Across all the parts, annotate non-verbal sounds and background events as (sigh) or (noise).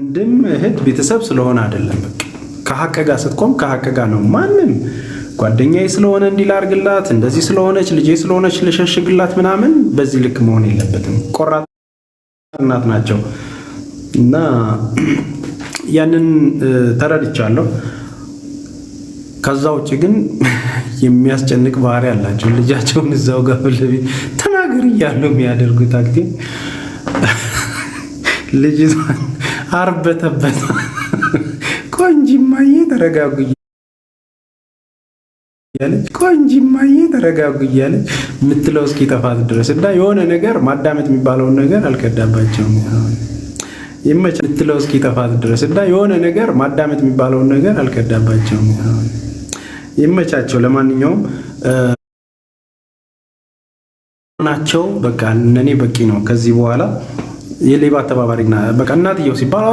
ወንድም እህት ቤተሰብ ስለሆነ አይደለም። ከሀቅ ጋር ስትቆም ከሀቅ ጋር ነው። ማንም ጓደኛዬ ስለሆነ እንዲል አርግላት እንደዚህ ስለሆነች ልጄ ስለሆነች ልሸሽግላት ምናምን በዚህ ልክ መሆን የለበትም። ቆራጥ እናት ናቸው እና ያንን ተረድቻለሁ። ከዛ ውጭ ግን የሚያስጨንቅ ባህሪ አላቸው። ልጃቸውን እዛው ጋር ለቤት ተናገር እያሉ የሚያደርጉት አክቲ ልጅቷን አርበተበት ቆንጂማዬ ተረጋጉ እያለች ቆንጂማዬ ተረጋጉ እያለች የምትለው እስኪ ጠፋት ድረስ እና የሆነ ነገር ማዳመጥ የሚባለውን ነገር አልቀዳባቸውም። ይመች የምትለው እስኪ ጠፋት ድረስ እና የሆነ ነገር ማዳመጥ የሚባለውን ነገር አልቀዳባቸውም። ይመቻቸው። ለማንኛውም ናቸው በቃ እኔ በቂ ነው ከዚህ በኋላ የሌባ አተባባሪና በቃ እናትየው ሲባል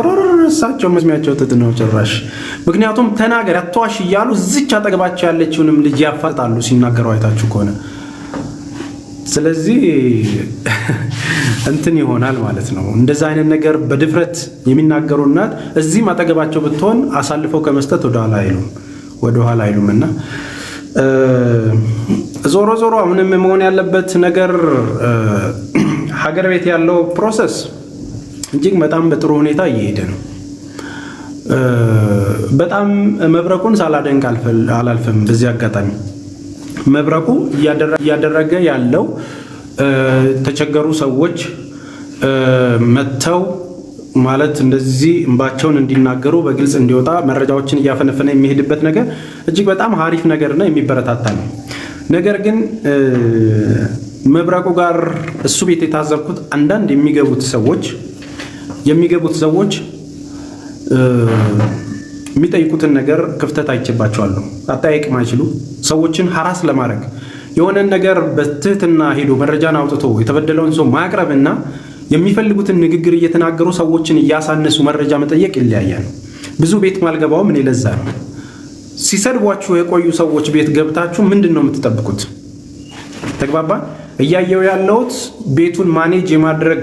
እሳቸው መስሚያቸው ጥጥ ነው ጭራሽ። ምክንያቱም ተናገር አትዋሽ እያሉ ዝች አጠገባቸው ያለችውንም ልጅ ያፋጣሉ ሲናገሩ አይታችሁ ከሆነ ስለዚህ (laughs) እንትን ይሆናል ማለት ነው። እንደዚ አይነት ነገር በድፍረት የሚናገሩ እናት እዚህም አጠገባቸው ብትሆን አሳልፈው ከመስጠት ወደኋላ አይሉም ወደኋላ አይሉም እና ዞሮ ዞሮ አሁንም መሆን ያለበት ነገር (clears throat) ሀገር ቤት ያለው ፕሮሰስ እጅግ በጣም በጥሩ ሁኔታ እየሄደ ነው። በጣም መብረቁን ሳላደንቅ አላልፍም። በዚህ አጋጣሚ መብረቁ እያደረገ ያለው ተቸገሩ ሰዎች መጥተው ማለት እንደዚህ እንባቸውን እንዲናገሩ በግልጽ እንዲወጣ መረጃዎችን እያፈነፈነ የሚሄድበት ነገር እጅግ በጣም አሪፍ ነገርና የሚበረታታ ነው። ነገር ግን መብረቁ ጋር እሱ ቤት የታዘብኩት አንዳንድ የሚገቡት ሰዎች የሚገቡት ሰዎች የሚጠይቁትን ነገር ክፍተት አይችባቸዋለሁ። አጠያየቅ ማይችሉ ሰዎችን ሀራስ ለማድረግ የሆነን ነገር በትህትና ሄዶ መረጃን አውጥቶ የተበደለውን ሰው ማቅረብና የሚፈልጉትን ንግግር እየተናገሩ ሰዎችን እያሳነሱ መረጃ መጠየቅ ይለያያል። ብዙ ቤት ማልገባው ምን ለዛ ነው። ሲሰድቧችሁ የቆዩ ሰዎች ቤት ገብታችሁ ምንድን ነው የምትጠብቁት? ተግባባን። እያየው ያለሁት ቤቱን ማኔጅ የማድረግ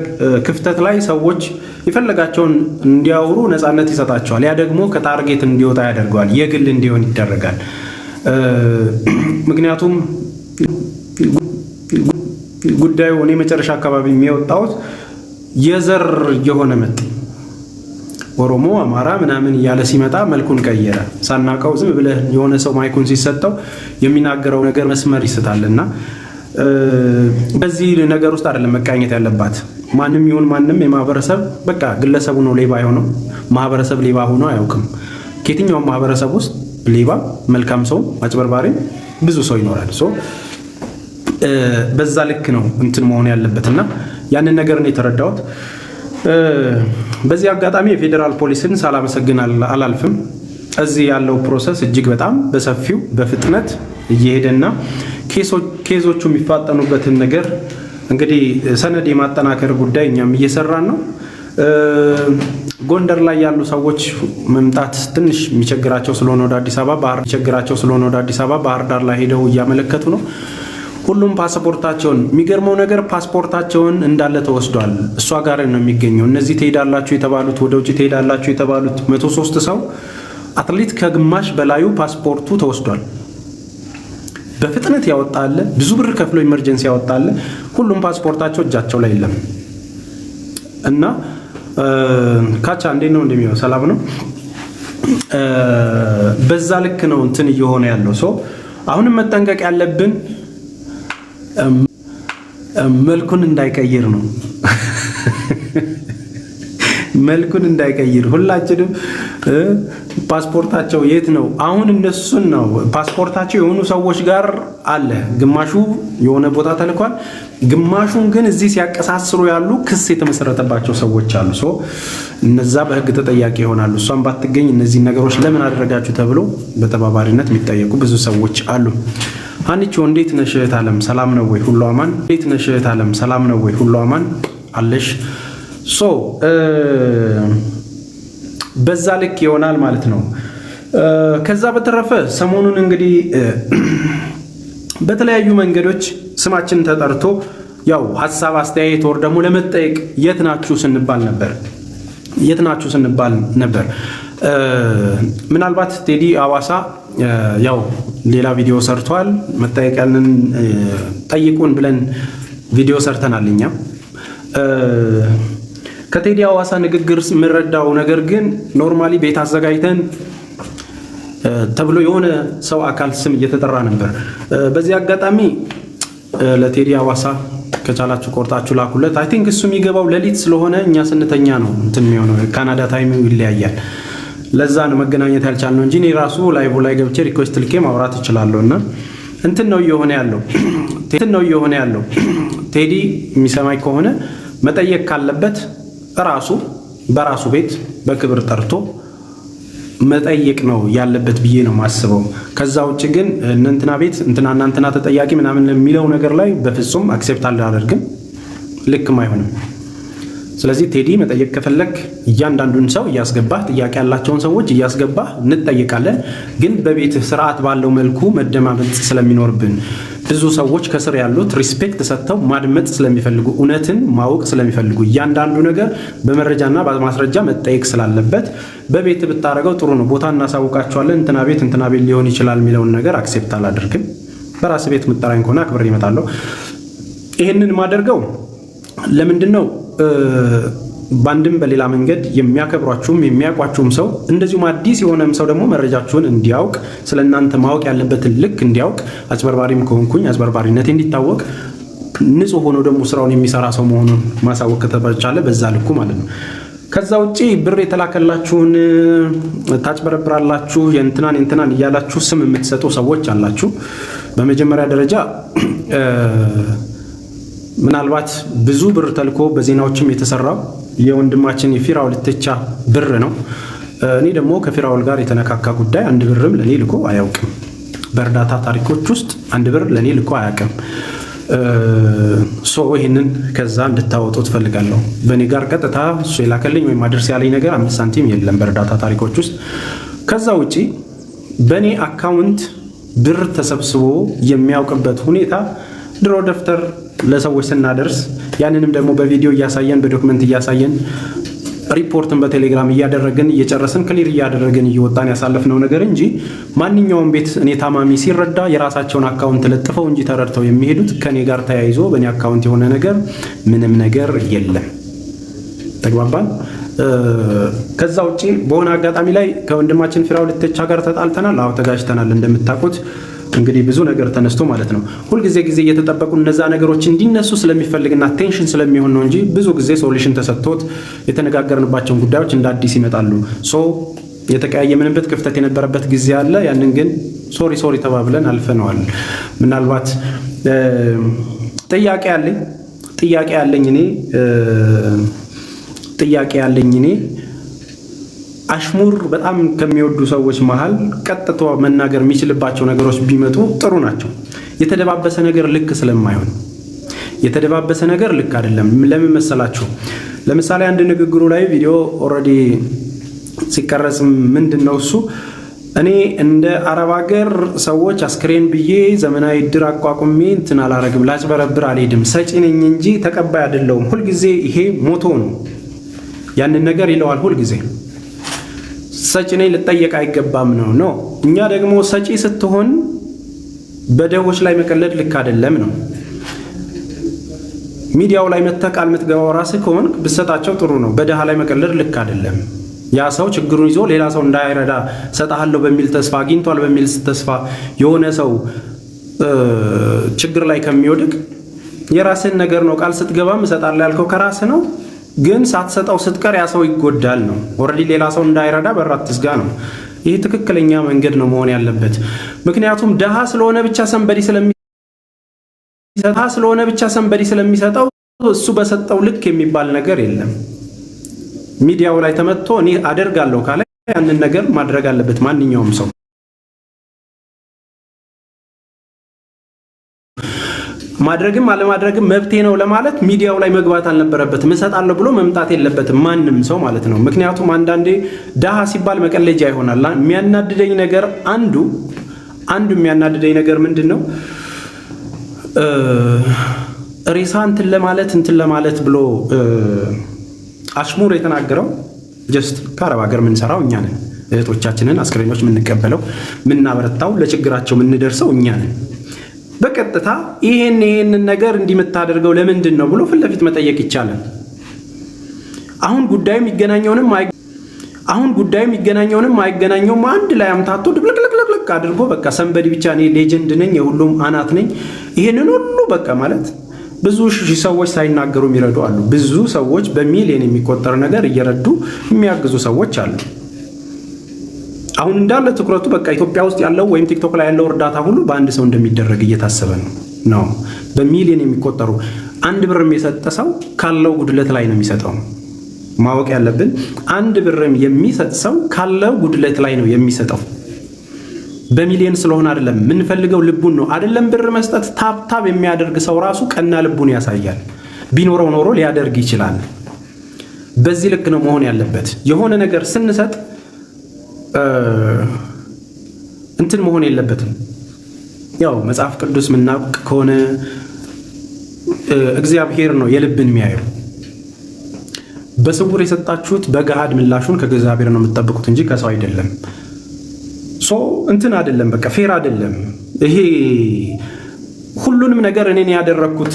ክፍተት ላይ ሰዎች የፈለጋቸውን እንዲያወሩ ነፃነት ይሰጣቸዋል። ያ ደግሞ ከታርጌት እንዲወጣ ያደርገዋል፣ የግል እንዲሆን ይደረጋል። ምክንያቱም ጉዳዩ እኔ መጨረሻ አካባቢ የሚወጣውት የዘር የሆነ መጥ ኦሮሞ፣ አማራ ምናምን እያለ ሲመጣ መልኩን ቀየረ። ሳናቀው ዝም ብለህ የሆነ ሰው ማይኩን ሲሰጠው የሚናገረው ነገር መስመር ይስታልና በዚህ ነገር ውስጥ አይደለም መቃኘት ያለባት። ማንም ይሁን ማንም የማህበረሰብ በቃ ግለሰቡ ነው ሌባ የሆነው። ማህበረሰብ ሌባ ሆኖ አያውቅም። ከየትኛውም ማህበረሰብ ውስጥ ሌባ፣ መልካም ሰው፣ አጭበርባሪ ብዙ ሰው ይኖራል። በዛ ልክ ነው እንትን መሆን ያለበት እና ያንን ነገር ነው የተረዳሁት። በዚህ አጋጣሚ የፌዴራል ፖሊስን ሳላመሰግን አላልፍም። እዚህ ያለው ፕሮሰስ እጅግ በጣም በሰፊው በፍጥነት እየሄደና ኬሶች ኬዞቹ የሚፋጠኑበትን ነገር እንግዲህ ሰነድ የማጠናከር ጉዳይ እኛም እየሰራን ነው። ጎንደር ላይ ያሉ ሰዎች መምጣት ትንሽ የሚቸግራቸው ስለሆነ ወደ አዲስ አበባ ባህር የሚቸግራቸው ስለሆነ ወደ አዲስ አበባ ባህር ዳር ላይ ሄደው እያመለከቱ ነው። ሁሉም ፓስፖርታቸውን የሚገርመው ነገር ፓስፖርታቸውን እንዳለ ተወስዷል። እሷ ጋር ነው የሚገኘው። እነዚህ ትሄዳላችሁ የተባሉት ወደ ውጭ ትሄዳላችሁ የተባሉት መቶ ሶስት ሰው አትሌት ከግማሽ በላዩ ፓስፖርቱ ተወስዷል። በፍጥነት ያወጣለ ብዙ ብር ከፍሎ ኢመርጀንሲ ያወጣለ። ሁሉም ፓስፖርታቸው እጃቸው ላይ የለም እና ካቻ እንዴት ነው እንደሚሆን ሰላም ነው። በዛ ልክ ነው እንትን እየሆነ ያለው ሰው። አሁንም መጠንቀቅ ያለብን መልኩን እንዳይቀይር ነው። (laughs) መልኩን እንዳይቀይር ሁላችንም ፓስፖርታቸው የት ነው? አሁን እነሱን ነው ፓስፖርታቸው የሆኑ ሰዎች ጋር አለ። ግማሹ የሆነ ቦታ ተልኳል፣ ግማሹን ግን እዚህ ሲያቀሳስሩ ያሉ ክስ የተመሰረተባቸው ሰዎች አሉ። እነዛ በህግ ተጠያቂ ይሆናሉ። እሷን ባትገኝ እነዚህ ነገሮች ለምን አደረጋችሁ ተብሎ በተባባሪነት የሚጠየቁ ብዙ ሰዎች አሉ። አንቺ እንዴት ነሽ እህት ሰላም ነው ወይ? ሁሉ አማን። እንዴት ነሽ እህት ሰላም ነው ወይ? ሁሉ አማን አለሽ ሶ በዛ ልክ ይሆናል ማለት ነው። ከዛ በተረፈ ሰሞኑን እንግዲህ በተለያዩ መንገዶች ስማችን ተጠርቶ ያው ሀሳብ አስተያየት ወር ደግሞ ለመጠየቅ የት ናችሁ ስንባል ነበር የት ናችሁ ስንባል ነበር። ምናልባት ቴዲ አዋሳ ያው ሌላ ቪዲዮ ሰርቷል። መጠየቅ ያለን ጠይቁን ብለን ቪዲዮ ሰርተናል እኛም ከቴዲ አዋሳ ንግግር የምረዳው ነገር ግን ኖርማሊ ቤት አዘጋጅተን ተብሎ የሆነ ሰው አካል ስም እየተጠራ ነበር። በዚህ አጋጣሚ ለቴዲ አዋሳ ከቻላችሁ ቆርጣችሁ ላኩለት። አይ ቲንክ እሱ የሚገባው ሌሊት ስለሆነ እኛ ስንተኛ ነው እንትን የሚሆነው። ካናዳ ታይሚንግ ይለያያል። ለዛ ነው መገናኘት ነው እንጂ እኔ ራሱ ላይቭ ላይ ገብቼ ሪኩዌስት ልኬ ማውራት እችላለሁ። እና እንትን ነው እየሆነ ያለው (clears throat) እንትን ነው እየሆነ ያለው። (clears throat) ቴዲ የሚሰማኝ ከሆነ መጠየቅ ካለበት ራሱ በራሱ ቤት በክብር ጠርቶ መጠየቅ ነው ያለበት ብዬ ነው ማስበው ከዛ ውጭ ግን እንትና ቤት እንትና እናንትና ተጠያቂ ምናምን የሚለው ነገር ላይ በፍጹም አክሴፕት አላደርግም፣ ልክም አይሆንም። ስለዚህ ቴዲ መጠየቅ ከፈለግ እያንዳንዱን ሰው እያስገባህ ጥያቄ ያላቸውን ሰዎች እያስገባህ እንጠይቃለን። ግን በቤት ስርዓት ባለው መልኩ መደማመጥ ስለሚኖርብን ብዙ ሰዎች ከስር ያሉት ሪስፔክት ሰጥተው ማድመጥ ስለሚፈልጉ እውነትን ማወቅ ስለሚፈልጉ እያንዳንዱ ነገር በመረጃና በማስረጃ መጠየቅ ስላለበት በቤት ብታደረገው ጥሩ ነው። ቦታ እናሳውቃቸዋለን። እንትና ቤት እንትና ቤት ሊሆን ይችላል የሚለውን ነገር አክሴፕት አላደርግም። በራስ ቤት ምጠራኝ ከሆነ አክብር ይመጣለሁ። ይህንን ማደርገው ለምንድን ነው? በአንድም በሌላ መንገድ የሚያከብሯችሁም የሚያውቋችሁም ሰው እንደዚሁም አዲስ የሆነም ሰው ደግሞ መረጃችሁን እንዲያውቅ ስለ እናንተ ማወቅ ያለበትን ልክ እንዲያውቅ አጭበርባሪም ከሆንኩኝ አጭበርባሪነቴ እንዲታወቅ ንጹህ ሆኖ ደግሞ ስራውን የሚሰራ ሰው መሆኑን ማሳወቅ ከተቻለ በዛ ልኩ ማለት ነው። ከዛ ውጭ ብር የተላከላችሁን ታጭበረብራላችሁ፣ የእንትናን የእንትናን እያላችሁ ስም የምትሰጡ ሰዎች አላችሁ። በመጀመሪያ ደረጃ (clears throat) ምናልባት ብዙ ብር ተልኮ በዜናዎችም የተሰራው የወንድማችን የፊራውል ኢቴቻ ብር ነው። እኔ ደግሞ ከፊራውል ጋር የተነካካ ጉዳይ አንድ ብርም ለእኔ ልኮ አያውቅም። በእርዳታ ታሪኮች ውስጥ አንድ ብር ለእኔ ልኮ አያውቅም። ሶ ይህንን ከዛ እንድታወጡ ትፈልጋለሁ። በእኔ ጋር ቀጥታ እሱ የላከልኝ ወይም አድርስ ያለኝ ነገር አምስት ሳንቲም የለም በእርዳታ ታሪኮች ውስጥ። ከዛ ውጪ በእኔ አካውንት ብር ተሰብስቦ የሚያውቅበት ሁኔታ ድሮ ደብተር ለሰዎች ስናደርስ ያንንም ደግሞ በቪዲዮ እያሳየን በዶክመንት እያሳየን ሪፖርትን በቴሌግራም እያደረግን እየጨረስን ክሊር እያደረግን እየወጣን ያሳለፍነው ነገር እንጂ ማንኛውም ቤት እኔ ታማሚ ሲረዳ የራሳቸውን አካውንት ለጥፈው እንጂ ተረድተው የሚሄዱት ከኔ ጋር ተያይዞ በእኔ አካውንት የሆነ ነገር ምንም ነገር የለም። ተግባባን። ከዛ ውጭ በሆነ አጋጣሚ ላይ ከወንድማችን ፊራው ልተቻ ጋር ተጣልተናል። አዎ ተጋጅተናል እንደምታውቁት እንግዲህ ብዙ ነገር ተነስቶ ማለት ነው። ሁልጊዜ ጊዜ እየተጠበቁ እነዛ ነገሮች እንዲነሱ ስለሚፈልግና ቴንሽን ስለሚሆን ነው እንጂ ብዙ ጊዜ ሶሉሽን ተሰጥቶት የተነጋገርንባቸውን ጉዳዮች እንደ አዲስ ይመጣሉ። ሶ የተቀያየምንበት ክፍተት የነበረበት ጊዜ አለ። ያንን ግን ሶሪ ሶሪ ተባብለን አልፈነዋል። ምናልባት ጥያቄ ያለኝ ጥያቄ ያለኝ እኔ ጥያቄ ያለኝ እኔ አሽሙር በጣም ከሚወዱ ሰዎች መሀል ቀጥቶ መናገር የሚችልባቸው ነገሮች ቢመጡ ጥሩ ናቸው። የተደባበሰ ነገር ልክ ስለማይሆን የተደባበሰ ነገር ልክ አይደለም። ለምን መሰላችሁ? ለምሳሌ አንድ ንግግሩ ላይ ቪዲዮ ኦልሬዲ ሲቀረጽ ምንድን ነው እሱ እኔ እንደ አረብ ሀገር ሰዎች አስክሬን ብዬ ዘመናዊ እድር አቋቁሜ እንትን አላረግም፣ ላጭበረብር አልሄድም፣ ሰጪ ነኝ እንጂ ተቀባይ አይደለሁም። ሁልጊዜ ይሄ ሞቶ ነው ያንን ነገር ይለዋል ሁልጊዜ ሰጪ ነኝ ልጠየቅ አይገባም ነው ኖ እኛ ደግሞ ሰጪ ስትሆን በደሆች ላይ መቀለድ ልክ አይደለም ነው። ሚዲያው ላይ መጥተህ ቃል የምትገባው ራስህ ከሆን ብትሰጣቸው ጥሩ ነው። በድሃ ላይ መቀለድ ልክ አይደለም። ያ ሰው ችግሩን ይዞ ሌላ ሰው እንዳይረዳ ሰጣሃለሁ በሚል ተስፋ አግኝቷል በሚል ተስፋ የሆነ ሰው ችግር ላይ ከሚወድቅ የራስህን ነገር ነው ቃል ስትገባም እሰጣለሁ ያልከው ከራስህ ነው። ግን ሳትሰጠው ስትቀር ያ ሰው ይጎዳል ነው። ኦልሬዲ ሌላ ሰው እንዳይረዳ በር አትዝጋ ነው። ይህ ትክክለኛ መንገድ ነው መሆን ያለበት። ምክንያቱም ድሃ ስለሆነ ብቻ ሰንበዲ ስለሆነ ብቻ ሰንበዲ ስለሚሰጠው እሱ በሰጠው ልክ የሚባል ነገር የለም። ሚዲያው ላይ ተመጥቶ እኔ አደርጋለሁ ካለ ያንን ነገር ማድረግ አለበት ማንኛውም ሰው። ማድረግም አለማድረግም መብቴ ነው ለማለት ሚዲያው ላይ መግባት አልነበረበትም። እሰጣለሁ ብሎ መምጣት የለበትም ማንም ሰው ማለት ነው። ምክንያቱም አንዳንዴ ድሃ ሲባል መቀለጃ ይሆናል። የሚያናድደኝ ነገር አንዱ አንዱ የሚያናድደኝ ነገር ምንድን ነው ሬሳ እንትን ለማለት እንትን ለማለት ብሎ አሽሙር የተናገረው ጀስት ከአረብ ሀገር የምንሰራው እኛ ነን። እህቶቻችንን አስክሬኖች የምንቀበለው የምናበረታው፣ ለችግራቸው የምንደርሰው እኛ ነን። በቀጥታ ይሄን ይሄንን ነገር እንዲምታደርገው ለምንድን ነው ብሎ ፊት ለፊት መጠየቅ ይቻላል። አሁን ጉዳዩ የሚገናኘውንም አሁን ጉዳዩ የሚገናኘውንም አይገናኘውም አንድ ላይ አምታቶ ድብልቅልቅልቅ አድርጎ በቃ ሰንበዲ ብቻ እኔ ሌጀንድ ነኝ፣ የሁሉም አናት ነኝ። ይሄንን ሁሉ በቃ ማለት ብዙ ሺህ ሰዎች ሳይናገሩ የሚረዱ አሉ። ብዙ ሰዎች በሚሊየን የሚቆጠር ነገር እየረዱ የሚያግዙ ሰዎች አሉ። አሁን እንዳለ ትኩረቱ በቃ ኢትዮጵያ ውስጥ ያለው ወይም ቲክቶክ ላይ ያለው እርዳታ ሁሉ በአንድ ሰው እንደሚደረግ እየታሰበ ነው ነው በሚሊዮን የሚቆጠሩ አንድ ብርም የሰጠ ሰው ካለው ጉድለት ላይ ነው የሚሰጠው። ማወቅ ያለብን አንድ ብርም የሚሰጥ ሰው ካለው ጉድለት ላይ ነው የሚሰጠው። በሚሊዮን ስለሆነ አይደለም የምንፈልገው፣ ልቡን ነው አይደለም ብር መስጠት። ታብታብ የሚያደርግ ሰው ራሱ ቀና ልቡን ያሳያል። ቢኖረው ኖሮ ሊያደርግ ይችላል። በዚህ ልክ ነው መሆን ያለበት። የሆነ ነገር ስንሰጥ እንትን መሆን የለበትም። ያው መጽሐፍ ቅዱስ የምናውቅ ከሆነ እግዚአብሔር ነው የልብን የሚያየው። በስውር የሰጣችሁት በገሃድ ምላሹን ከእግዚአብሔር ነው የምትጠብቁት እንጂ ከሰው አይደለም። ሶ እንትን አይደለም፣ በቃ ፌር አይደለም። ይሄ ሁሉንም ነገር እኔን ያደረግኩት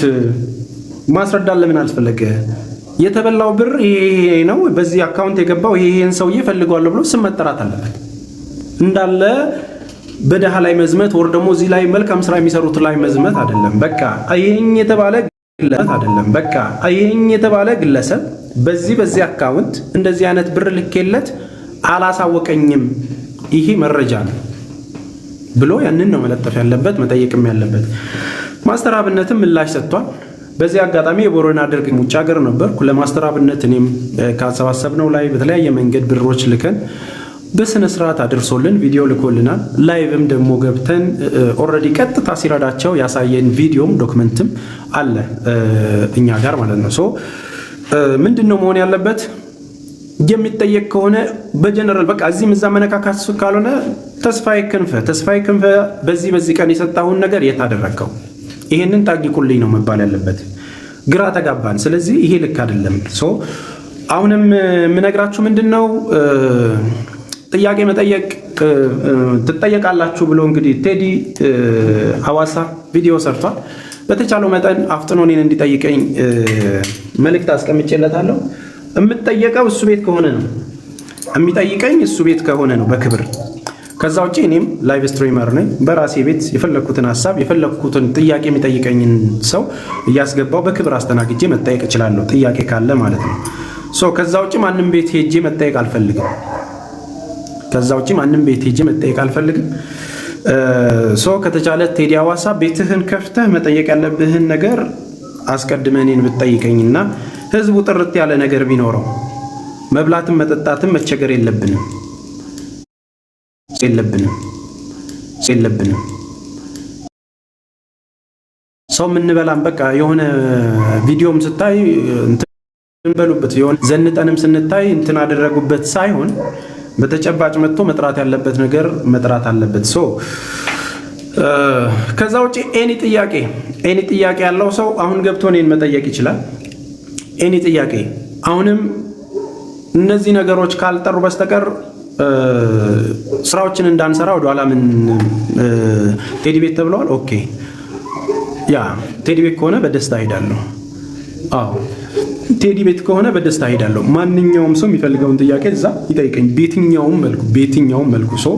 ማስረዳት ለምን አልፈለገ? የተበላው ብር ይሄ ነው፣ በዚህ አካውንት የገባው ይሄን ሰውዬ ፈልገዋለሁ ብሎ ስም መጠራት አለበት። እንዳለ በደሃ ላይ መዝመት ወር ደግሞ እዚህ ላይ መልካም ስራ የሚሰሩት ላይ መዝመት አይደለም። በቃ ይሄኝ የተባለ ግለሰብ አይደለም። በቃ ይሄኝ የተባለ ግለሰብ በዚህ በዚህ አካውንት እንደዚህ አይነት ብር ልኬለት አላሳወቀኝም፣ ይሄ መረጃ ነው ብሎ ያንን ነው መለጠፍ ያለበት መጠየቅም ያለበት። ማስተራብነትም ምላሽ ሰጥቷል። በዚህ አጋጣሚ የቦረና ደርግ ውጭ ሀገር ነበርኩ። ለማስተር አብነት እኔም ካሰባሰብነው ላይ በተለያየ መንገድ ብሮች ልከን በስነ ስርዓት አድርሶልን ቪዲዮ ልኮልናል። ላይቭም ደግሞ ገብተን ኦልሬዲ ቀጥታ ሲረዳቸው ያሳየን ቪዲዮም ዶክመንትም አለ እኛ ጋር ማለት ነው። ሶ ምንድን ነው መሆን ያለበት የሚጠየቅ ከሆነ በጀነራል በቃ እዚህም እዛ መነካካት ካልሆነ ተስፋዬ ክንፈ ተስፋዬ ክንፈ በዚህ በዚህ ቀን የሰጣሁን ነገር የት አደረግከው? ይሄንን ታግቁልኝ ነው መባል ያለበት። ግራ ተጋባን። ስለዚህ ይሄ ልክ አይደለም። አሁንም የምነግራችሁ ምንድን ነው ጥያቄ መጠየቅ ትጠየቃላችሁ ብሎ እንግዲህ ቴዲ ሀዋሳ ቪዲዮ ሰርቷል። በተቻለው መጠን አፍጥኖ እኔን እንዲጠይቀኝ መልእክት አስቀምጬለታለሁ። የምጠየቀው እሱ ቤት ከሆነ ነው የሚጠይቀኝ እሱ ቤት ከሆነ ነው በክብር ከዛ ውጭ እኔም ላይቭ ስትሪመር ነኝ። በራሴ ቤት የፈለግኩትን ሀሳብ የፈለግኩትን ጥያቄ የሚጠይቀኝን ሰው እያስገባው በክብር አስተናግጄ መጠየቅ እችላለሁ፣ ጥያቄ ካለ ማለት ነው። ሶ ከዛ ውጭ ማንም ቤት ሄጄ መጠየቅ አልፈልግም። ከዛ ውጭ ማንም ቤት ሄጄ መጠየቅ አልፈልግም። ሶ ከተቻለ ቴዲ አዋሳ ቤትህን ከፍተህ መጠየቅ ያለብህን ነገር አስቀድመህ እኔን ብትጠይቀኝና ህዝቡ ጥርት ያለ ነገር ቢኖረው መብላትም መጠጣትም መቸገር የለብንም። የለብንም የለብንም። ሰው የምንበላም በቃ የሆነ ቪዲዮም ስታይ እንበሉበት የሆነ ዘንጠንም ስንታይ እንትን አደረጉበት ሳይሆን በተጨባጭ መጥቶ መጥራት ያለበት ነገር መጥራት አለበት። ሶ ከዛ ውጭ ኤኒ ጥያቄ ኤኒ ጥያቄ ያለው ሰው አሁን ገብቶ እኔን መጠየቅ ይችላል። ኤኒ ጥያቄ አሁንም እነዚህ ነገሮች ካልጠሩ በስተቀር ስራዎችን እንዳንሰራ ወደኋላ ምን ቴዲ ቤት ተብለዋል። ኦኬ ያ ቴዲ ቤት ከሆነ በደስታ ሄዳለሁ። አዎ ቴዲ ቤት ከሆነ በደስታ ሄዳለሁ። ማንኛውም ሰው የሚፈልገውን ጥያቄ እዛ ይጠይቀኝ፣ ቤትኛውም መልኩ ቤትኛውም መልኩ ሰው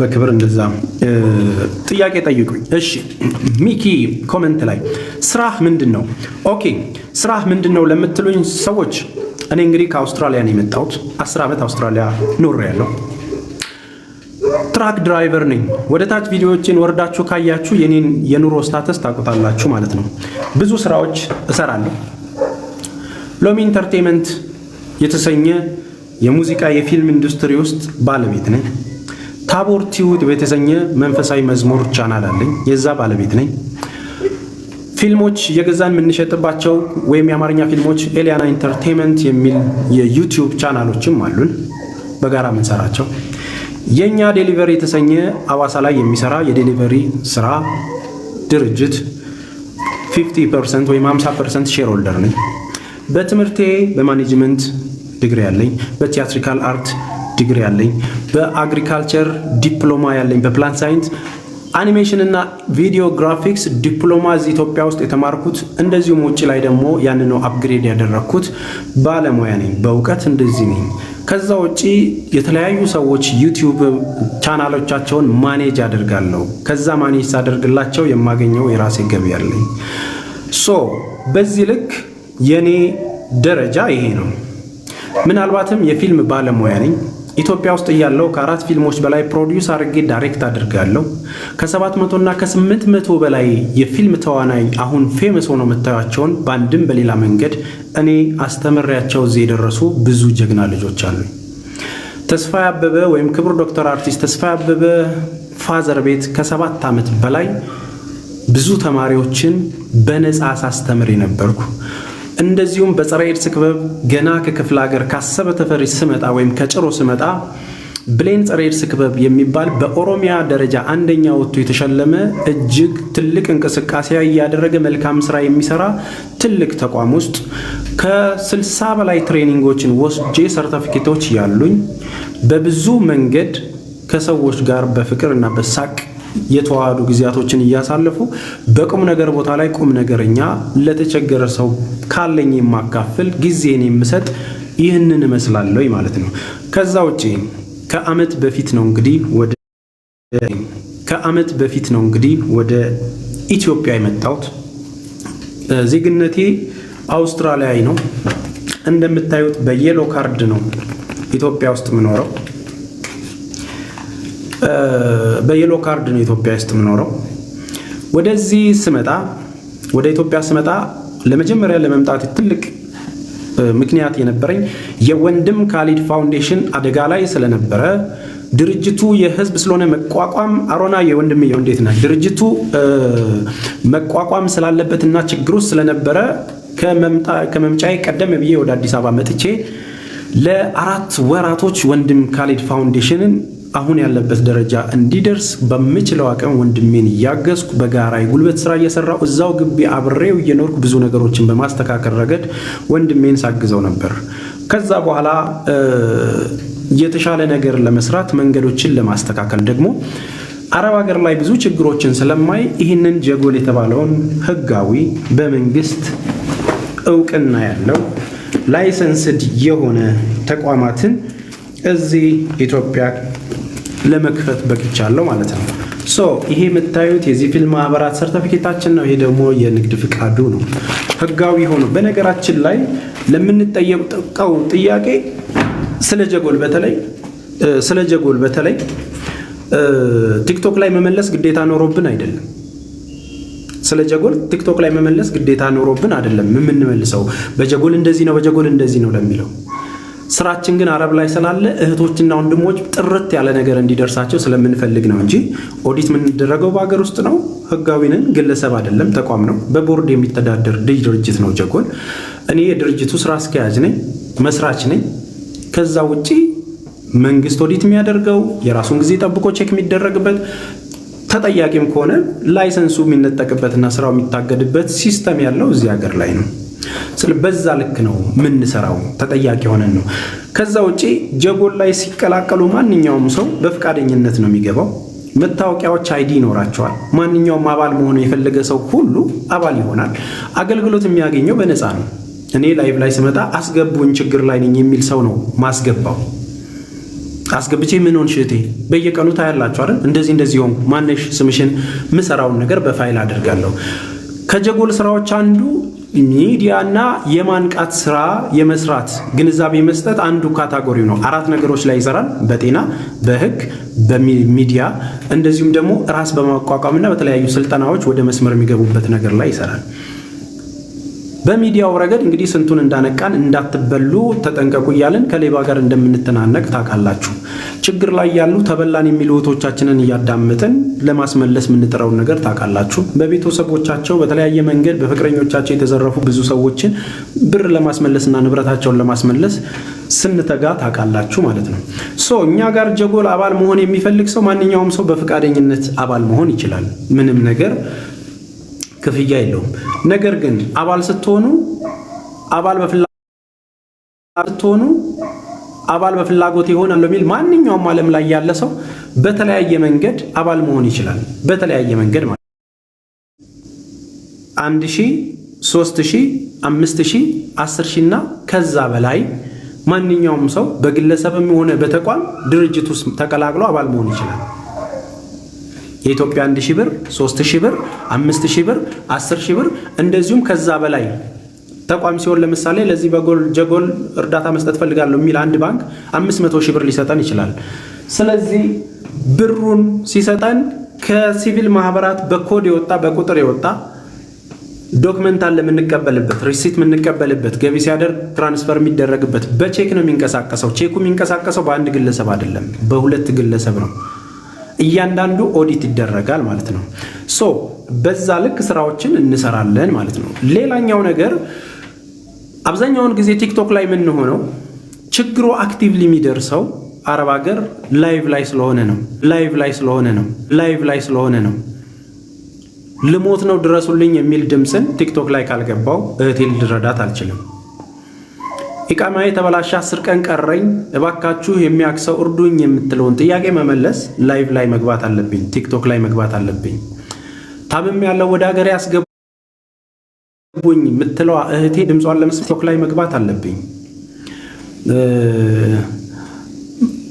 በክብር እንደዛ ጥያቄ ጠይቁኝ። እሺ ሚኪ ኮመንት ላይ ስራህ ምንድን ነው? ኦኬ ስራህ ምንድን ነው ለምትሉኝ ሰዎች እኔ እንግዲህ ከአውስትራሊያ ነው የመጣሁት። አስር ዓመት አውስትራሊያ ኖር ያለው ትራክ ድራይቨር ነኝ። ወደ ታች ቪዲዮዎችን ወርዳችሁ ካያችሁ የኔን የኑሮ ስታተስ ታውቁታላችሁ ማለት ነው። ብዙ ስራዎች እሰራለሁ። ሎሚ ኢንተርቴንመንት የተሰኘ የሙዚቃ የፊልም ኢንዱስትሪ ውስጥ ባለቤት ነኝ። ታቦር ቲዩብ የተሰኘ መንፈሳዊ መዝሙር ቻናል አለኝ። የዛ ባለቤት ነኝ። ፊልሞች የገዛን የምንሸጥባቸው ወይም የአማርኛ ፊልሞች ኤሊያና ኢንተርቴንመንት የሚል የዩቲዩብ ቻናሎችም አሉን በጋራ የምንሰራቸው። የእኛ ዴሊቨሪ የተሰኘ አዋሳ ላይ የሚሰራ የዴሊቨሪ ስራ ድርጅት 50 ወይም 50 ፐርሰንት ሼር ሆልደር ነኝ። በትምህርቴ በማኔጅመንት ዲግሪ ያለኝ፣ በቲያትሪካል አርት ዲግሪ ያለኝ፣ በአግሪካልቸር ዲፕሎማ ያለኝ፣ በፕላንት ሳይንስ አኒሜሽን እና ቪዲዮ ግራፊክስ ዲፕሎማ እዚህ ኢትዮጵያ ውስጥ የተማርኩት እንደዚሁም ውጭ ላይ ደግሞ ያን ነው አፕግሬድ ያደረግኩት። ባለሙያ ነኝ፣ በእውቀት እንደዚህ ነኝ። ከዛ ውጪ የተለያዩ ሰዎች ዩቲዩብ ቻናሎቻቸውን ማኔጅ አደርጋለሁ። ከዛ ማኔጅ ሳደርግላቸው የማገኘው የራሴ ገቢ አለኝ። ሶ በዚህ ልክ የኔ ደረጃ ይሄ ነው። ምናልባትም የፊልም ባለሙያ ነኝ ኢትዮጵያ ውስጥ እያለው ከአራት ፊልሞች በላይ ፕሮዲውስ አድርጌ ዳይሬክት አድርጋለሁ። ከሰባት መቶ እና ከስምንት መቶ በላይ የፊልም ተዋናይ አሁን ፌመስ ሆኖ መታያቸውን በአንድም በሌላ መንገድ እኔ አስተምሬያቸው እዚህ የደረሱ ብዙ ጀግና ልጆች አሉ። ተስፋ ያበበ ወይም ክቡር ዶክተር አርቲስት ተስፋ ያበበ ፋዘር ቤት ከሰባት ዓመት በላይ ብዙ ተማሪዎችን በነፃ ሳስተምር የነበርኩ እንደዚሁም በጸረ ኤድስ ክበብ ገና ከክፍለ ሀገር ካሰበ ተፈሪ ስመጣ ወይም ከጭሮ ስመጣ ብሌን ጸረ ኤድስ ክበብ የሚባል በኦሮሚያ ደረጃ አንደኛ ወጥቶ የተሸለመ እጅግ ትልቅ እንቅስቃሴ እያደረገ መልካም ስራ የሚሰራ ትልቅ ተቋም ውስጥ ከስልሳ በላይ ትሬኒንጎችን ወስጄ ሰርተፊኬቶች ያሉኝ በብዙ መንገድ ከሰዎች ጋር በፍቅር እና በሳቅ የተዋሃዱ ጊዜያቶችን እያሳለፉ በቁም ነገር ቦታ ላይ ቁም ነገረኛ ለተቸገረ ሰው ካለኝ የማካፍል ጊዜን የምሰጥ ይህንን እመስላለሁ ማለት ነው። ከዛ ውጪ ከአመት በፊት ነው እንግዲህ ወደ ከአመት በፊት ነው እንግዲህ ወደ ኢትዮጵያ የመጣሁት። ዜግነቴ አውስትራሊያዊ ነው። እንደምታዩት በየሎ ካርድ ነው ኢትዮጵያ ውስጥ የምኖረው። በየሎ ካርድ ነው ኢትዮጵያ ውስጥ የምኖረው። ወደዚህ ስመጣ ወደ ኢትዮጵያ ስመጣ ለመጀመሪያ ለመምጣት ትልቅ ምክንያት የነበረኝ የወንድም ካሊድ ፋውንዴሽን አደጋ ላይ ስለነበረ ድርጅቱ የህዝብ ስለሆነ መቋቋም አሮና የወንድም የው እንዴት ነህ ድርጅቱ መቋቋም ስላለበትና ችግሩ ስለነበረ ከመምጫዬ ቀደም ብዬ ወደ አዲስ አበባ መጥቼ ለአራት ወራቶች ወንድም ካሊድ ፋውንዴሽንን አሁን ያለበት ደረጃ እንዲደርስ በምችለው አቅም ወንድሜን እያገዝኩ በጋራ የጉልበት ስራ እየሰራው እዛው ግቢ አብሬው እየኖርኩ ብዙ ነገሮችን በማስተካከል ረገድ ወንድሜን ሳግዘው ነበር። ከዛ በኋላ የተሻለ ነገር ለመስራት መንገዶችን ለማስተካከል ደግሞ አረብ ሀገር ላይ ብዙ ችግሮችን ስለማይ ይህንን ጀጎል የተባለውን ህጋዊ በመንግስት እውቅና ያለው ላይሰንስድ የሆነ ተቋማትን እዚህ ኢትዮጵያ ለመክፈት በቅቻለሁ ማለት ነው። ሶ ይሄ የምታዩት የዚህ ፊልም ማህበራት ሰርተፊኬታችን ነው። ይሄ ደግሞ የንግድ ፍቃዱ ነው፣ ህጋዊ ሆኖ። በነገራችን ላይ ለምንጠየቀው ጥያቄ ስለ ጀጎል በተለይ ስለ ጀጎል በተለይ ቲክቶክ ላይ መመለስ ግዴታ ኖሮብን አይደለም። ስለ ጀጎል ቲክቶክ ላይ መመለስ ግዴታ ኖሮብን አይደለም። የምንመልሰው በጀጎል እንደዚህ ነው፣ በጀጎል እንደዚህ ነው ለሚለው ስራችን ግን አረብ ላይ ስላለ እህቶችና ወንድሞች ጥርት ያለ ነገር እንዲደርሳቸው ስለምንፈልግ ነው እንጂ ኦዲት የምንደረገው በሀገር ውስጥ ነው። ህጋዊ ነን፣ ግለሰብ አይደለም፣ ተቋም ነው። በቦርድ የሚተዳደር ድርጅት ነው ጀጎል። እኔ የድርጅቱ ስራ አስኪያጅ ነኝ፣ መስራች ነኝ። ከዛ ውጪ መንግስት ኦዲት የሚያደርገው የራሱን ጊዜ ጠብቆ ቼክ የሚደረግበት ተጠያቂም ከሆነ ላይሰንሱ የሚነጠቅበትና ስራው የሚታገድበት ሲስተም ያለው እዚህ ሀገር ላይ ነው። ስለ በዛ ልክ ነው የምንሰራው፣ ተጠያቂ ሆነን ነው። ከዛ ውጪ ጀጎል ላይ ሲቀላቀሉ ማንኛውም ሰው በፈቃደኝነት ነው የሚገባው። መታወቂያዎች አይዲ ይኖራቸዋል። ማንኛውም አባል መሆኑ የፈለገ ሰው ሁሉ አባል ይሆናል። አገልግሎት የሚያገኘው በነፃ ነው። እኔ ላይቭ ላይ ስመጣ አስገቡኝ ችግር ላይ ነኝ የሚል ሰው ነው ማስገባው። አስገብቼ ምን ሆንሽ እህቴ በየቀኑ ታያላችሁ አይደል? እንደዚህ እንደዚህ ሆንኩ ማነሽ ስምሽን ምሰራውን ነገር በፋይል አድርጋለሁ ከጀጎል ስራዎች አንዱ ሚዲያና የማንቃት ስራ የመስራት ግንዛቤ መስጠት አንዱ ካታጎሪው ነው። አራት ነገሮች ላይ ይሰራል። በጤና፣ በህግ፣ በሚዲያ እንደዚሁም ደግሞ ራስ በማቋቋምና በተለያዩ ስልጠናዎች ወደ መስመር የሚገቡበት ነገር ላይ ይሰራል። በሚዲያው ረገድ እንግዲህ ስንቱን እንዳነቃን እንዳትበሉ ተጠንቀቁ እያለን ከሌባ ጋር እንደምንተናነቅ ታውቃላችሁ። ችግር ላይ ያሉ ተበላን የሚሉ እህቶቻችንን እያዳምጥን ለማስመለስ የምንጥረውን ነገር ታውቃላችሁ። በቤተሰቦቻቸው በተለያየ መንገድ በፍቅረኞቻቸው የተዘረፉ ብዙ ሰዎችን ብር ለማስመለስና ንብረታቸውን ለማስመለስ ስንተጋ ታውቃላችሁ ማለት ነው። ሶ እኛ ጋር ጀጎል አባል መሆን የሚፈልግ ሰው ማንኛውም ሰው በፈቃደኝነት አባል መሆን ይችላል። ምንም ነገር ክፍያ የለውም። ነገር ግን አባል ስትሆኑ አባል በፍላጎት ስትሆኑ አባል በፍላጎት ይሆናል በሚል ማንኛውም ዓለም ላይ ያለ ሰው በተለያየ መንገድ አባል መሆን ይችላል። በተለያየ መንገድ ማለት አንድ ሺህ ሶስት ሺህ አምስት ሺህ አስር ሺህ እና ከዛ በላይ ማንኛውም ሰው በግለሰብም ሆነ በተቋም ድርጅት ውስጥ ተቀላቅሎ አባል መሆን ይችላል። የኢትዮጵያ 1 ሺህ ብር፣ 3 ሺህ ብር፣ 5 ሺህ ብር፣ 10 ሺህ ብር እንደዚሁም ከዛ በላይ ተቋም ሲሆን ለምሳሌ ለዚህ በጎል ጀጎል እርዳታ መስጠት ፈልጋለሁ የሚል አንድ ባንክ 500 ሺህ ብር ሊሰጠን ይችላል። ስለዚህ ብሩን ሲሰጠን ከሲቪል ማህበራት በኮድ የወጣ በቁጥር የወጣ ዶክመንት አለ የምንቀበልበት፣ ሪሲት የምንቀበልበት፣ ገቢ ሲያደርግ ትራንስፈር የሚደረግበት። በቼክ ነው የሚንቀሳቀሰው። ቼኩ የሚንቀሳቀሰው በአንድ ግለሰብ አይደለም፣ በሁለት ግለሰብ ነው። እያንዳንዱ ኦዲት ይደረጋል ማለት ነው። ሶ በዛ ልክ ስራዎችን እንሰራለን ማለት ነው። ሌላኛው ነገር አብዛኛውን ጊዜ ቲክቶክ ላይ የምንሆነው ችግሩ አክቲቭሊ የሚደርሰው አረብ ሀገር ላይቭ ላይ ስለሆነ ነው። ላይቭ ላይ ስለሆነ ነው። ላይቭ ላይ ስለሆነ ነው። ልሞት ነው ድረሱልኝ የሚል ድምፅን ቲክቶክ ላይ ካልገባው እህቴ ልድረዳት አልችልም። ኢቃማ የተበላሸ አስር ቀን ቀረኝ እባካችሁ የሚያክሰው እርዱኝ የምትለውን ጥያቄ መመለስ፣ ላይቭ ላይ መግባት አለብኝ፣ ቲክቶክ ላይ መግባት አለብኝ፣ ታምም ያለው ወደ ሀገር ያስገቡኝ የምትለዋ እህቴ ድምጿን ለምስ ቲክቶክ ላይ መግባት አለብኝ።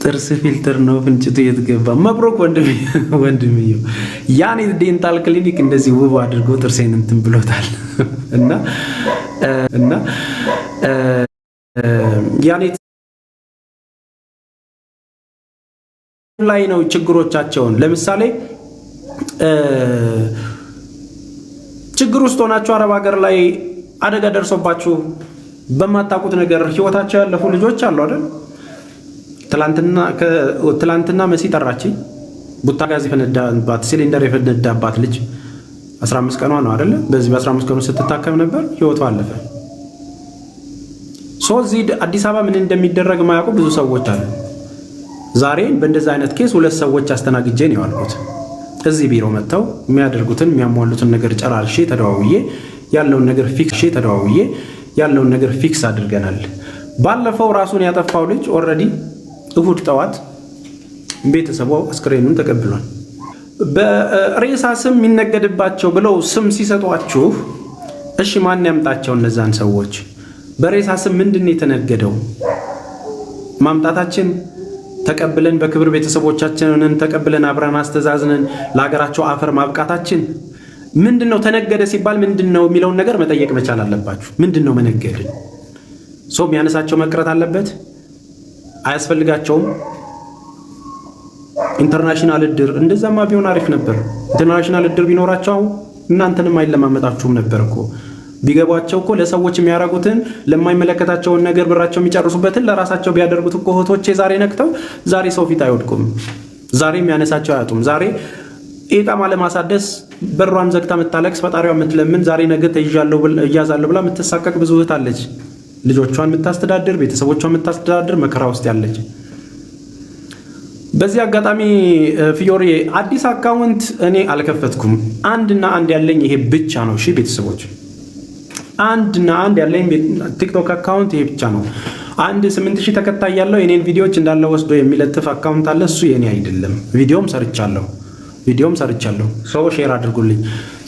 ጥርስ ፊልተር ነው ፍንጭቱ የትገባ። መብሮክ ወንድምየው፣ ያን ዴንታል ክሊኒክ እንደዚህ ውብ አድርጎ ጥርሴን እንትን ብሎታል እና እና ያኔ ላይ ነው ችግሮቻቸውን። ለምሳሌ ችግር ውስጥ ሆናችሁ አረብ ሀገር ላይ አደጋ ደርሶባችሁ በማታውቁት ነገር ህይወታቸው ያለፉ ልጆች አሉ አይደል? ትላንትና መሲ ጠራችኝ። ቡታጋዝ የፈነዳባት ሲሊንደር የፈነዳባት ልጅ 15 ቀኗ ነው አይደለ? በዚህ በ15 ቀኑ ስትታከም ነበር፣ ህይወቷ አለፈ። ሶ እዚህ አዲስ አበባ ምን እንደሚደረግ ማያውቁ ብዙ ሰዎች አሉ። ዛሬ በእንደዚህ አይነት ኬስ ሁለት ሰዎች አስተናግጄ ነው የዋልኩት። እዚህ ቢሮ መጥተው የሚያደርጉትን የሚያሟሉትን ነገር ጨራርሼ ተደዋውዬ ያለውን ነገር ፊክስ ተደዋውዬ ያለውን ነገር ፊክስ አድርገናል። ባለፈው ራሱን ያጠፋው ልጅ ኦልሬዲ እሁድ ጠዋት ቤተሰቡ አስክሬኑን ተቀብሏል። በሬሳ ስም የሚነገድባቸው ብለው ስም ሲሰጧችሁ እሺ ማን ያምጣቸው እነዛን ሰዎች? በሬሳ ስም ምንድን ነው የተነገደው? ማምጣታችን ተቀብለን በክብር ቤተሰቦቻችንን ተቀብለን አብረን አስተዛዝነን ለሀገራቸው አፈር ማብቃታችን ምንድን ነው? ተነገደ ሲባል ምንድን ነው የሚለውን ነገር መጠየቅ መቻል አለባችሁ። ምንድን ነው መነገድን? ሰው የሚያነሳቸው መቅረት አለበት? አያስፈልጋቸውም? ኢንተርናሽናል እድር እንደዛማ ቢሆን አሪፍ ነበር። ኢንተርናሽናል እድር ቢኖራቸው እናንተንም አይለማመጣችሁም ነበር እኮ ቢገባቸው እኮ ለሰዎች የሚያረጉትን ለማይመለከታቸውን ነገር ብራቸው የሚጨርሱበትን ለራሳቸው ቢያደርጉት እኮ እህቶቼ ዛሬ ነክተው ዛሬ ሰው ፊት አይወድቁም። ዛሬ የሚያነሳቸው አያጡም። ዛሬ ኢቃማ ለማሳደስ በሯን ዘግታ የምታለቅስ ፈጣሪዋ የምትለምን ዛሬ ነገ እያዛለሁ ብላ የምትሳቀቅ ብዙ እህት አለች። ልጆቿን የምታስተዳድር ቤተሰቦቿን የምታስተዳድር መከራ ውስጥ ያለች። በዚህ አጋጣሚ ፍዮሬ አዲስ አካውንት እኔ አልከፈትኩም። አንድና አንድ ያለኝ ይሄ ብቻ ነው። ቤተሰቦች አንድና አንድ ያለኝ ቲክቶክ አካውንት ይሄ ብቻ ነው። አንድ ስምንት ሺህ ተከታይ ያለው የኔን ቪዲዮዎች እንዳለ ወስዶ የሚለጥፍ አካውንት አለ። እሱ የኔ አይደለም። ቪዲዮም ሰርቻለሁ ቪዲዮም ሰርቻለሁ። ሰው ሼር አድርጉልኝ።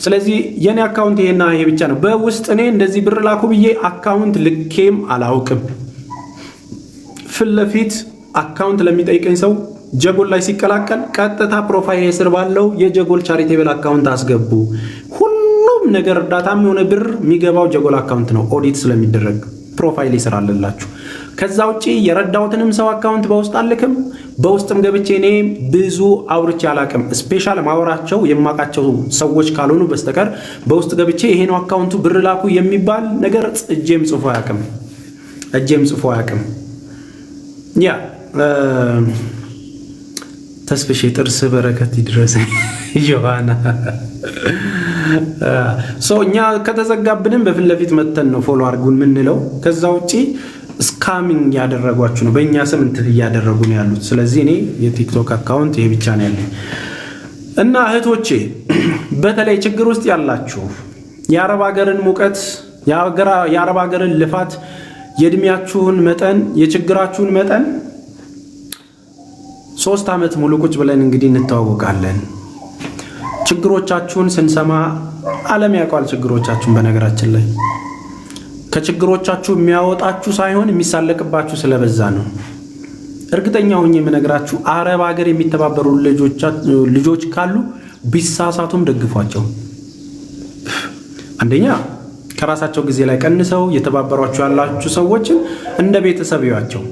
ስለዚህ የኔ አካውንት ይሄና ይሄ ብቻ ነው። በውስጥ እኔ እንደዚህ ብር ላኩ ብዬ አካውንት ልኬም አላውቅም። ፊት ለፊት አካውንት ለሚጠይቀኝ ሰው ጀጎል ላይ ሲቀላቀል ቀጥታ ፕሮፋይል ስር ባለው የጀጎል ቻሪቴብል አካውንት አስገቡ ሁሉ ሁሉም ነገር እርዳታም የሆነ ብር የሚገባው ጀጎል አካውንት ነው ኦዲት ስለሚደረግ ፕሮፋይል ይሰራልላችሁ። ከዛ ውጭ የረዳሁትንም ሰው አካውንት በውስጥ አልክም። በውስጥም ገብቼ እኔ ብዙ አውርቼ አላቅም። ስፔሻል ማወራቸው የማውቃቸው ሰዎች ካልሆኑ በስተቀር በውስጥ ገብቼ ይሄ ነው አካውንቱ ብር ላኩ የሚባል ነገር እጄም ጽፎ አያቅም። እጄም ጽፎ አያቅም። ያ ተስፍሽ ጥርስ በረከት ይድረስ (laughs) ዮሐና ሶ እኛ ከተዘጋብንም በፊት ለፊት መተን ነው ፎሎ አድርጉን የምንለው። ከዛ ውጪ ስካሚንግ ያደረጓችሁ ነው፣ በእኛ ስም እንትን እያደረጉ ነው ያሉት። ስለዚህ እኔ የቲክቶክ አካውንት ይሄ ብቻ ነው ያለኝ እና እህቶቼ በተለይ ችግር ውስጥ ያላችሁ የአረብ ሀገርን ሙቀት የአረብ ሀገርን ልፋት የእድሜያችሁን መጠን የችግራችሁን መጠን ሶስት ዓመት ሙሉ ቁጭ ብለን እንግዲህ እንተዋወቃለን። ችግሮቻችሁን ስንሰማ ዓለም ያውቀዋል። ችግሮቻችሁን በነገራችን ላይ ከችግሮቻችሁ የሚያወጣችሁ ሳይሆን የሚሳለቅባችሁ ስለበዛ ነው። እርግጠኛ ሁኝ የምነግራችሁ አረብ ሀገር የሚተባበሩ ልጆች ካሉ ቢሳሳቱም ደግፏቸው። አንደኛ ከራሳቸው ጊዜ ላይ ቀንሰው የተባበሯችሁ ያላችሁ ሰዎችን እንደ ቤተሰብ ይዋቸው።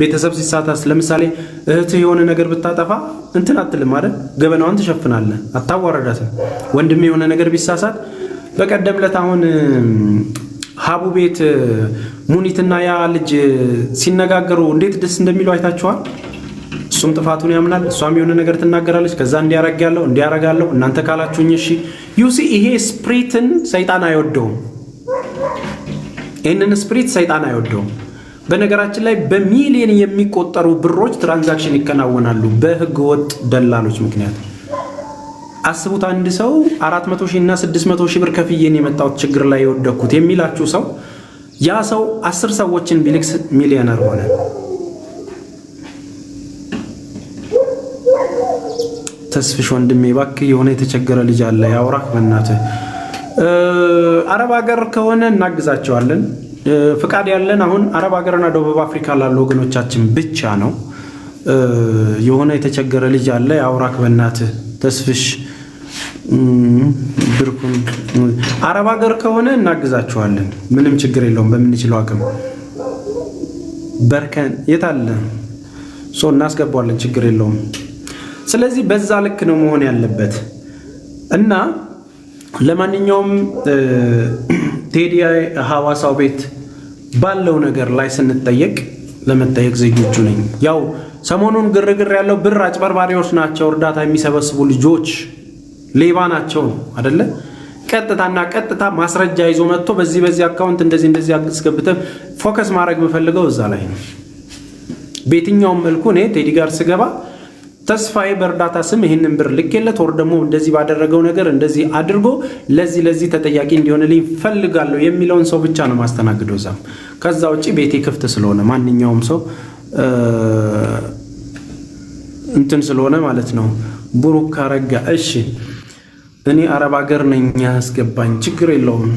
ቤተሰብ ሲሳሳት ለምሳሌ እህትህ የሆነ ነገር ብታጠፋ እንትን አትልም አይደል? ገበናዋን ትሸፍናለህ፣ አታዋረዳትም። ወንድም የሆነ ነገር ቢሳሳት በቀደም ዕለት አሁን ሀቡ ቤት ሙኒትና ያ ልጅ ሲነጋገሩ እንዴት ደስ እንደሚሉ አይታችኋል። እሱም ጥፋቱን ያምናል፣ እሷም የሆነ ነገር ትናገራለች። ከዛ እንዲያረግ ያለው ያለው እናንተ ካላችሁኝ እሺ። ዩሲ ይሄ ስፕሪትን ሰይጣን አይወደውም። ይህንን ስፕሪት ሰይጣን አይወደውም። በነገራችን ላይ በሚሊዮን የሚቆጠሩ ብሮች ትራንዛክሽን ይከናወናሉ በህገወጥ ደላሎች ምክንያት። አስቡት አንድ ሰው 400 ሺህ እና 600 ሺህ ብር ከፍዬን የመጣሁት ችግር ላይ የወደኩት የሚላችሁ ሰው ያ ሰው አስር ሰዎችን ቢልክስ ሚሊዮነር ሆነ። ተስፍሽ ወንድሜ እባክህ የሆነ የተቸገረ ልጅ አለ ያውራህ በእናትህ። አረብ ሀገር ከሆነ እናግዛቸዋለን። ፍቃድ ያለን አሁን አረብ ሀገርና ደቡብ አፍሪካ ላሉ ወገኖቻችን ብቻ ነው። የሆነ የተቸገረ ልጅ አለ። የአውራክ በእናት ተስፍሽ ብርኩን አረብ ሀገር ከሆነ እናግዛችኋለን። ምንም ችግር የለውም። በምንችለው አቅም በርከን የት አለ ሶ እናስገባዋለን። ችግር የለውም። ስለዚህ በዛ ልክ ነው መሆን ያለበት እና ለማንኛውም ቴዲ ሀዋሳው ቤት ባለው ነገር ላይ ስንጠየቅ ለመጠየቅ ዝግጁ ነኝ። ያው ሰሞኑን ግርግር ያለው ብር አጭበርባሪዎች ናቸው እርዳታ የሚሰበስቡ ልጆች ሌባ ናቸው ነው አደለ? ቀጥታና ቀጥታ ማስረጃ ይዞ መጥቶ በዚህ በዚህ አካውንት እንደዚህ እንደዚህ አስገብተ ፎከስ ማድረግ የምፈልገው እዛ ላይ ነው። በየትኛውም መልኩ እኔ ቴዲ ጋር ስገባ ተስፋዬ በእርዳታ ስም ይህንን ብር ልኬለት ወር ደግሞ እንደዚህ ባደረገው ነገር እንደዚህ አድርጎ ለዚህ ለዚህ ተጠያቂ እንዲሆንልኝ ፈልጋለሁ የሚለውን ሰው ብቻ ነው ማስተናግደው። እዛም ከዛ ውጭ ቤቴ ክፍት ስለሆነ ማንኛውም ሰው እንትን ስለሆነ ማለት ነው። ብሩክ ካረጋ እሺ፣ እኔ አረብ ሀገር ነኝ ያስገባኝ ችግር የለውም።